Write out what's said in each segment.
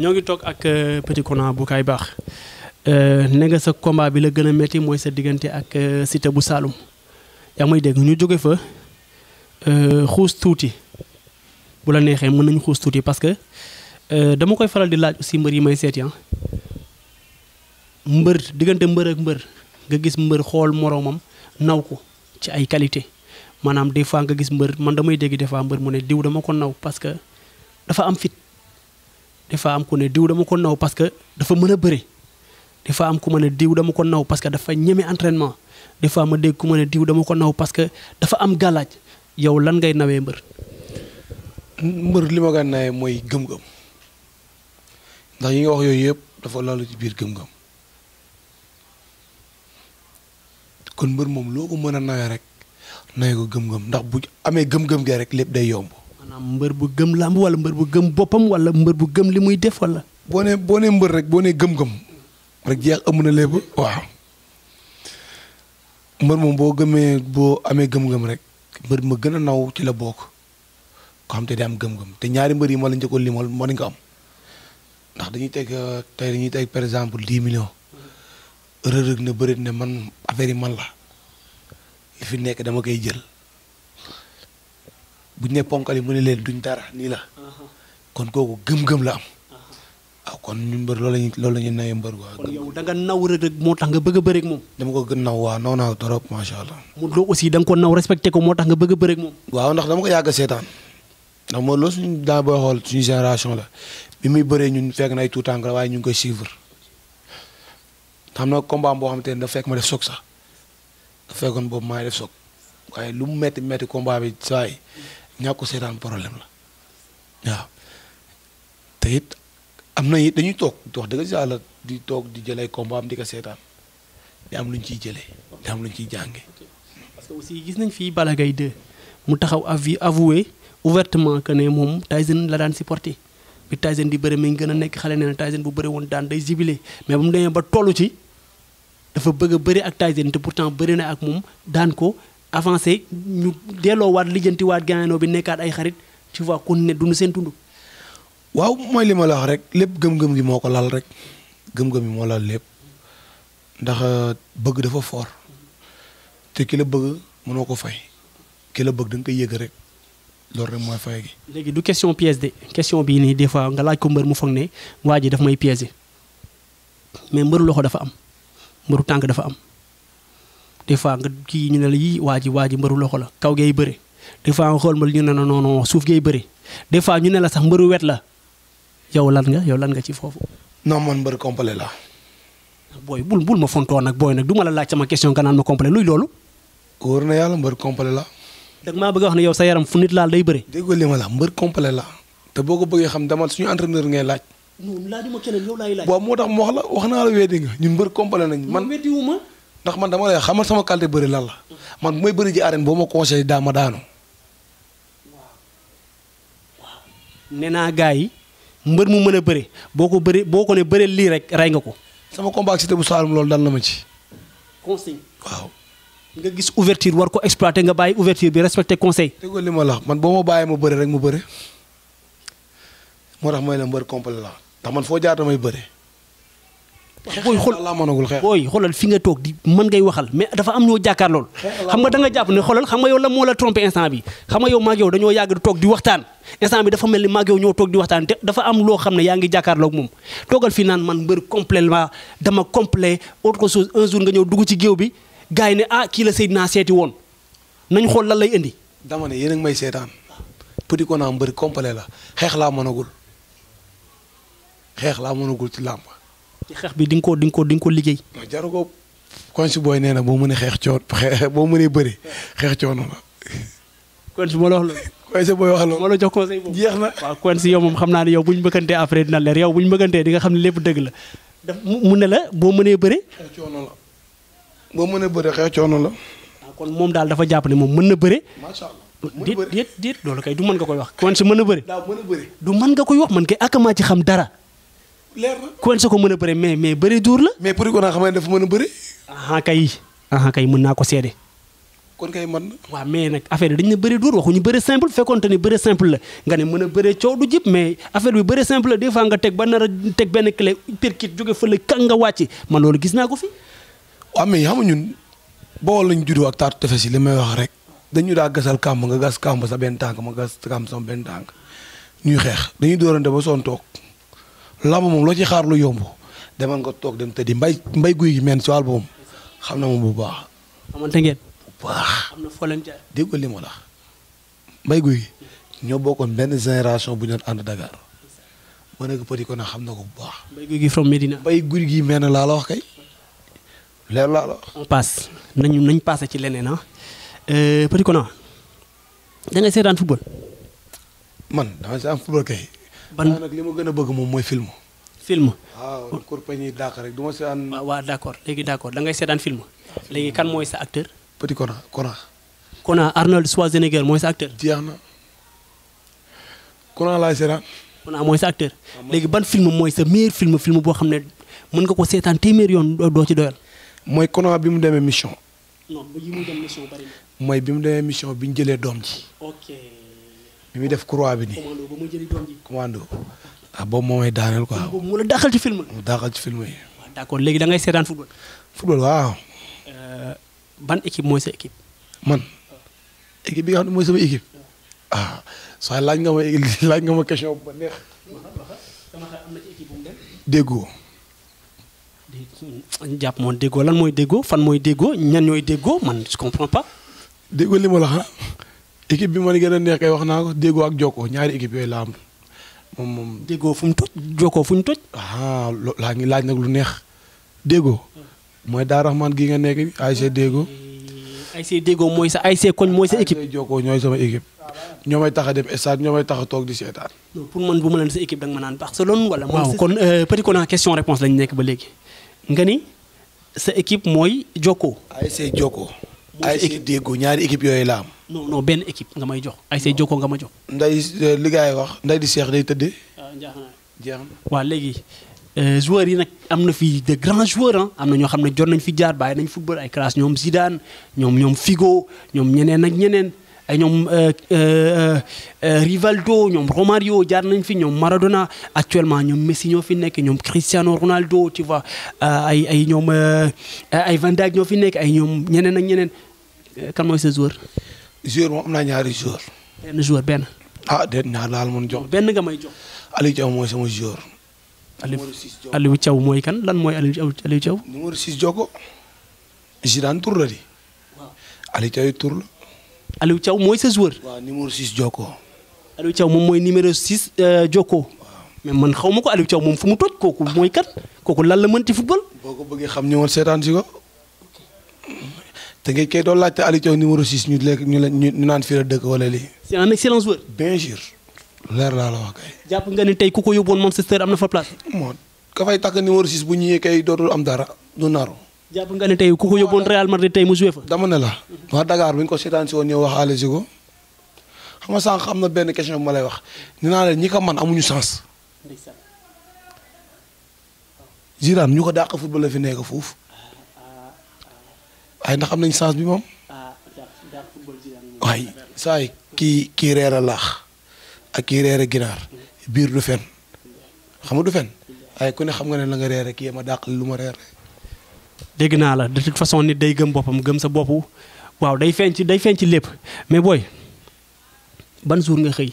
ñoo ngi toog ak euh, Petit Kona bu kaay baax euh, ne nga sa combat bi la gën a métti mooy sa diggante ak euh, Siteu bu Saloum yaa may dégg ñu jóge fa xuus tuuti bu la neexee mën nañu xuus tuuti parce que dama koy faral di laaj aussi mbër yi may seeti ah mbër diggante mbër ak mbër nga gis mbër xool moroomam naw ko ci ay qualité maanaam des fois nga gis mbër man damay dégg defaa mbër mu ne diw dama ko naw parce que dafa am fit. des fois am ku ne diw dama ko naw parce que dafa mën a bëri des fois am ku ma ne diw dama ko naw parce que dafa ñeme entraînement des fois ma dégg ku ma ne diw dama ko naw parce que dafa am gàllaaj yow lan ngay nawee mbër. mbër li ma nawee mooy gëm-gëm ndax yi yooyu yëpp dafa lalu ci biir gëm kon mbër moom loo mën a nawee rek nawee ko gëm ndax bu amee gëm-gëm gee rek lépp day yomb. maanaam mbër bu gëm làmb wala mbër bu gëm boppam wala mbër bu gëm li muy def wala. boo nee boo nee mbër rek boo nee gëm-gëm rek jeex amu na lépp waaw mbër boo gëmee boo amee gëm-gëm rek mbër ma gën a naw ci la bokk ko xam te day am gëm-gëm te ñaari mbër yi ma la limo limal moo ko am ndax dañuy teg euh, tey dañuy teg par exemple dix millions rërëg na ne man affaire yi man la li fi nekk dama koy jël. bu ñu ne ponkal yi mu ne leen duñ dara nii la uh-huh. kon kooku gëm-gëm la am waaw uh-huh. ah, kon ñun mbër loolu lañu loolu la ñu nawee mbër waaw kon yow da nga naw rek moo tax nga bëgg a bëreeg moom dama ko gën naw waaw naw naa trop macha allah Modou Lo aussi da nga naw respecté ko moo tax nga bëgg a bëreeg waaw ndax dama ko yàgg a seetaan ndax Modou Lo suñu daa booy xool suñu génération la bi muy bëree ñun fekk na ay tout temps waaye ñu ngi koy suivre xam na combat boo xam te ne da fekk ma def soog sax da fekkoon boobu maa def soog waaye lu mu metti metti combat bi saa yi ñàkku seetaan problème la waaw te am na it dañuy toog wax dëgg yàlla di toog di jëlee combat am di ko seetaan am lu ciy jëlee am lu ciy jànge parce que aussi gis nañ fii Balla Gaye 2 mu taxaw avi avoué ouvertement que ne moom Tyson la daan supporté bi Tyson di bëre mi ngi gën a nekk xale nee na bu bëre woon daan day jibile mais ba mu ba tollu ci dafa bëgg bëri ak Tyson te pourtant bëri na ak moom daan ko avancé ñu ont wat gànnaanoo bi nekkaat ay xarit tu vois ko ne duñu seen li ma la wax rek lepp gëm-gëm gi moko lal rek gëm-gëm mi lal ndax euh, bëgg dafa fort te ki la bëgg mëno ko fay ki la bëgg da rek rek pièce de question bi ni des fois nga laaj ko mbeur mu fogné daf mais des fois nga kii ñu ne la yii waa ji waa ji mbëru loxo la kaw gay bëre des fois nga xool ma ñu ne la non non suuf gay bëre des fois ne la sax mbëru wet la yow lan nga yow ci foofu. non man mbër complet la booy bul bul ma fontoon nag booy nag du ma la laaj sama question nga naan la dag maa bëgg a wax ne yow sa yaram fu moo tax mu wax la wax naa la weddi nga ñun mbër complet nañ ndax man dama lay xamal sama qualité bëri lan la man bu may bëri ji arène boo ma conseillé daa ma daanu. waaw nee naa gars yi mbër mu mën a bëri boo ko bëri boo ko ne bëree lii rek rey nga ko. sama combat ak Siteu bu Saalum loolu dal na ma ci. conseil waaw. nga gis ouverture war ko exploiter nga bàyyi ouverture bi respecté conseil. dégg li ma la man boo ma bàyyee ma bëri rek mu bëri moo tax may la mbër complet la ndax man foo jaar may bëri. booy xool booy xoolal fi nga toog di mën ngay waxal mais dafa am ñoo jàkkaar lool xam nga jàpp ne xoolal xam nga yow la moo la trompé bi xam nga yow maag yow dañoo yàgg toog di waxtaan instant bi dafa mel ni maag yow ñoo toog di waxtaan te dafa am loo yaa ngi jàkkaarloog moom toogal fii naan man mbër complètement dama complet autre chose un jour nga ñëw dugg ci géew bi gars ne ah kii la Seydina seeti woon nañ xool lan lay indi dama ne yéen a ngi may seetaan Petit Kona mbër complet la xeex laa mënagul xeex laa moonagul ci làmp ci xeex bi di nga ko di nga ko di nga ko liggéey. jaru ko Quench Boy nee na boo mënee xeex coono boo mënee bëri xeex coono la. Quench moo la wax loolu. Quench Boy wax loolu moo la jox conseil boobu jeex xam naa ne yow bu ñu bëggantee après dina leer yow bu ñu bëggantee di nga xam ne mu ne la boo mënee bëri. xeex coono la boo mënee bëri xeex coono la. kon moom daal dafa jàpp ne moom mën na bëre. macha allah déet déet déet loolu kay du mën nga koy wax. Quench mën na bëre. du mën nga koy wax man kay akamaa ci xam dara. leer na kon sa ko mën a bëre mais mais bëri duur la. mais pour aha kai xam ne dafa mën a bëri. kay ah kay ko kon kay mën na. waaw mais nag affaire bi dañ ne bëri duur waxuñu bëri simple fekkoonte ni bëri simple la nga ne mën a bëri du jip mais affaire bi bëri simple la des fois nga teg ba nar a teg clé perkit jóge fële kan nga wàcc man loolu gis naa ko fi. waaw mais xam ñun bool lañ juddoo ak taatu tefes yi li may wax rek dañu gasal kam nga sa ma ñuy làmb moom loo ci xaar lu yomb demal nga toog dem tëddi mbay mbay guy gi meen si xam na moom bu baax. xamante ngeen. bu baax. na foo la mbay guy gi ñoo bokkoon benn génération bu ñu doon ànd Dakar ma ne ko petit xam na ko bu baax. mbay guy gi from Medina. mbay guy gi laa wax kay. leer laa la wax. on passe ci leneen ah euh, petit kon da seetaan football. man da seetaan football kay. ban nag li ma gën a bëgg moom mooy film. film waaw compagnie Dakar rek du ma seetaan. waa d'accord léegi d'accord da ngay seetaan film léegi kan mooy sa acteur. Petit Kona Kona. Kona Arnold Schwarzenegger mooy sa jeex na Kona laay seetaan. Kona mooy sa acteur. Ah, léegi ban film mooy sa meilleur film film boo xam ne mën nga ko seetaan téeméer yoon doo ci doyal. mooy Kona bi mu demee mission. non bi mu dem mission mooy bi mu demee mission bi ñu jëlee doom ji. bi muy def croix bi nii. commando ba mu jëli doom ji. Ah, boobu moo may daaneel quoi. boobu moo la daaxal ci film la. mu daaxal ci film yi. waaw ah, d'accord léegi da ngay seetaan football. football euh, ban équipe mooy sa équipe. man équipe ah, laaj nga ma laaj nga ma question bu ma neex. sama déggoo. jàpp moom déggoo lan mooy déggoo fan mooy déggoo ñan ñooy déggoo man je comprends pas. déggoo li ma la xam. équipe bi ma gën a neex kay wax naa ko déggoo ak jokkoo ñaari équipe yooyu laa moom moom. déggoo fu mu toj jokkoo fu ñu toj. ah laa ngi laaj nag lu neex déggoo mooy daa raxmaan gi nga nekk ASC déggoo. ASC déggoo mooy sa ASC koñ mooy sa équipe. ASC jokkoo ñooy sama équipe. ñoo tax a dem ñoo may tax a toog di seetaan. pour man bu ma leen sa équipe danga ma naan Barcelone wala. waaw kon euh, petit kon question réponse lañu nekk ba léegi nga ni sa équipe mooy jokkoo. ASC jokkoo. ASC déggoo ñaari équipe yooyu laa non non ben équipe nga may jox ay say joko nga ma jox. nday une euh, wax nday di Cheikh day teudé ah, joueurs yi nak amna fi de grands joueurs hein amna ño xamné jor nañ fi jaar nañ football ay classe Zidane Figo ak Rivaldo Romario jaar nañ fi Maradona actuellement ñom Messi Cristiano Ronaldo tu vois euh, ay ay ñom euh, ay Van Dijk ñoo fi nekk ay ñom ak kan joueur. joueur moom am naa ñaari joueur. benn joueur benn. ah déet ñaar laal mun jox. benn nga may jox. Aliou Thiaw mooy mooy kan lan mooy Aliou Aliou Thiaw. numéro 6 Jokko. Zidane tur la di. waaw mooy sa joueur. waaw numéro 6 Jokko. moom mooy numéro 6 euh, Jokko. mais man xaw ma ko Aliou Thiaw moom fu mu toj kooku mooy kat kooku lan la mën ci football. boo ko bëggee xam ñëwoon seetaan si ko. te ngeen koy doon laajte Aliou Thiaw numéro 6 ñu lekk ñu leen ñu naan fii la dëkk wala lii. c'est un excellent joueur. bien sûr. leer laa la wax kay. jàpp nga ni tey ku ko yóbbuwoon Manchester am na fa place. moo ko fay takk numéro 6 bu ñëwee kay dootul am dara du naru. jàpp nga ne tey ku ko yóbbuwoon Real Madrid tey mu joué fa. dama ne la. waa dakaar bu ñu ko seetaan si woon ñëw wax Aliou ko xam nga sànq am na benn question bu ma lay wax nee naa leen ñi ko man amuñu sens. Zidane ñu ko dàq la fi foofu. ay ndax am nañ chance bi moom. waay saay kii kii reer a laax ak kii reer a ginaar biir du fen xam nga du fen waaye ne xam nga ne la nga reere kii ma dàq lu ma reere dégg naa la de toute façon nit day gëm boppam gëm sa boppu waaw day feeñ ci day feeñ ci lépp mais booy ban jour nga xëy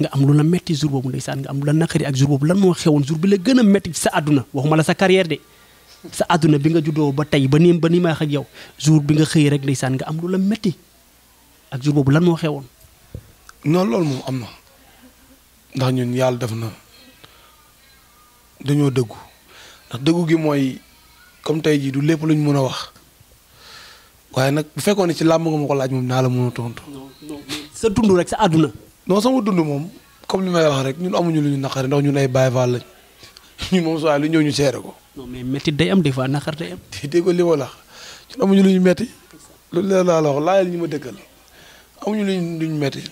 nga am lu la metti jour boobu ndeysaan nga am lu la naqari ak jour boobu lan moo xewoon jour bi la gën a metti ci sa àdduna waxuma la sa carrière de sa àdduna bi nga juddoo ba tey ba ni ba ni may wax ak yow jour bi nga xëyee rek ndeysaan nga am lu la metti ak jour boobu lan moo xewoon. non loolu moom am na ndax ñun yàlla def na dañoo dëggu ndax dëggu gi mooy comme tey jii du lépp luñ mën a wax waaye nag bu ci làmb nga ma ko laaj moom mën a tontu. sa dund rek sa àdduna. non sama dund moom comme li may wax rek ñun amuñu lu ñu naqari ndax ñun ay Baay Faal lañ. ñun moom soit lu ñëw ñu seere ko. non day am des fois naqar day am. te déggoo li ma la ñun amuñu lu ñu métti. loolu la laa la wax laajal ñu ma dëkkal amuñu lu ñu lu ñu métti.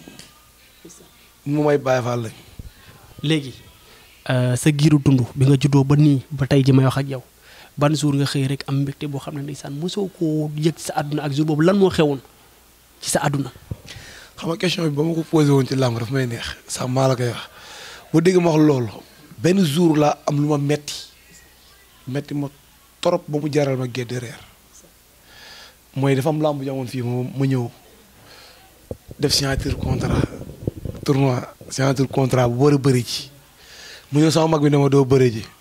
mu may bàyyi faal euh, sa giiru dund bi nga juddoo ba nii ba tey ji may wax ak ban jour xëy rek am mbégte boo xam ne ndeysaan mosoo koo yëg sa àdduna ak jour boobu lan moo xewoon ci sa àdduna. xam nga question bi ba ma ko posé woon ci làmb daf may neex sax maa la koy wax bu dégg ma wax loolu. benn jour laa am lu ma metti metti ma torop ba mu jaral ma gédd reer mooy dafa am làmb jamoon fii moom mu ñëw def signature contrat tournoi signature contrat bu war a bëri ji mu ñëw sama mag bi ne ma doo bëri ji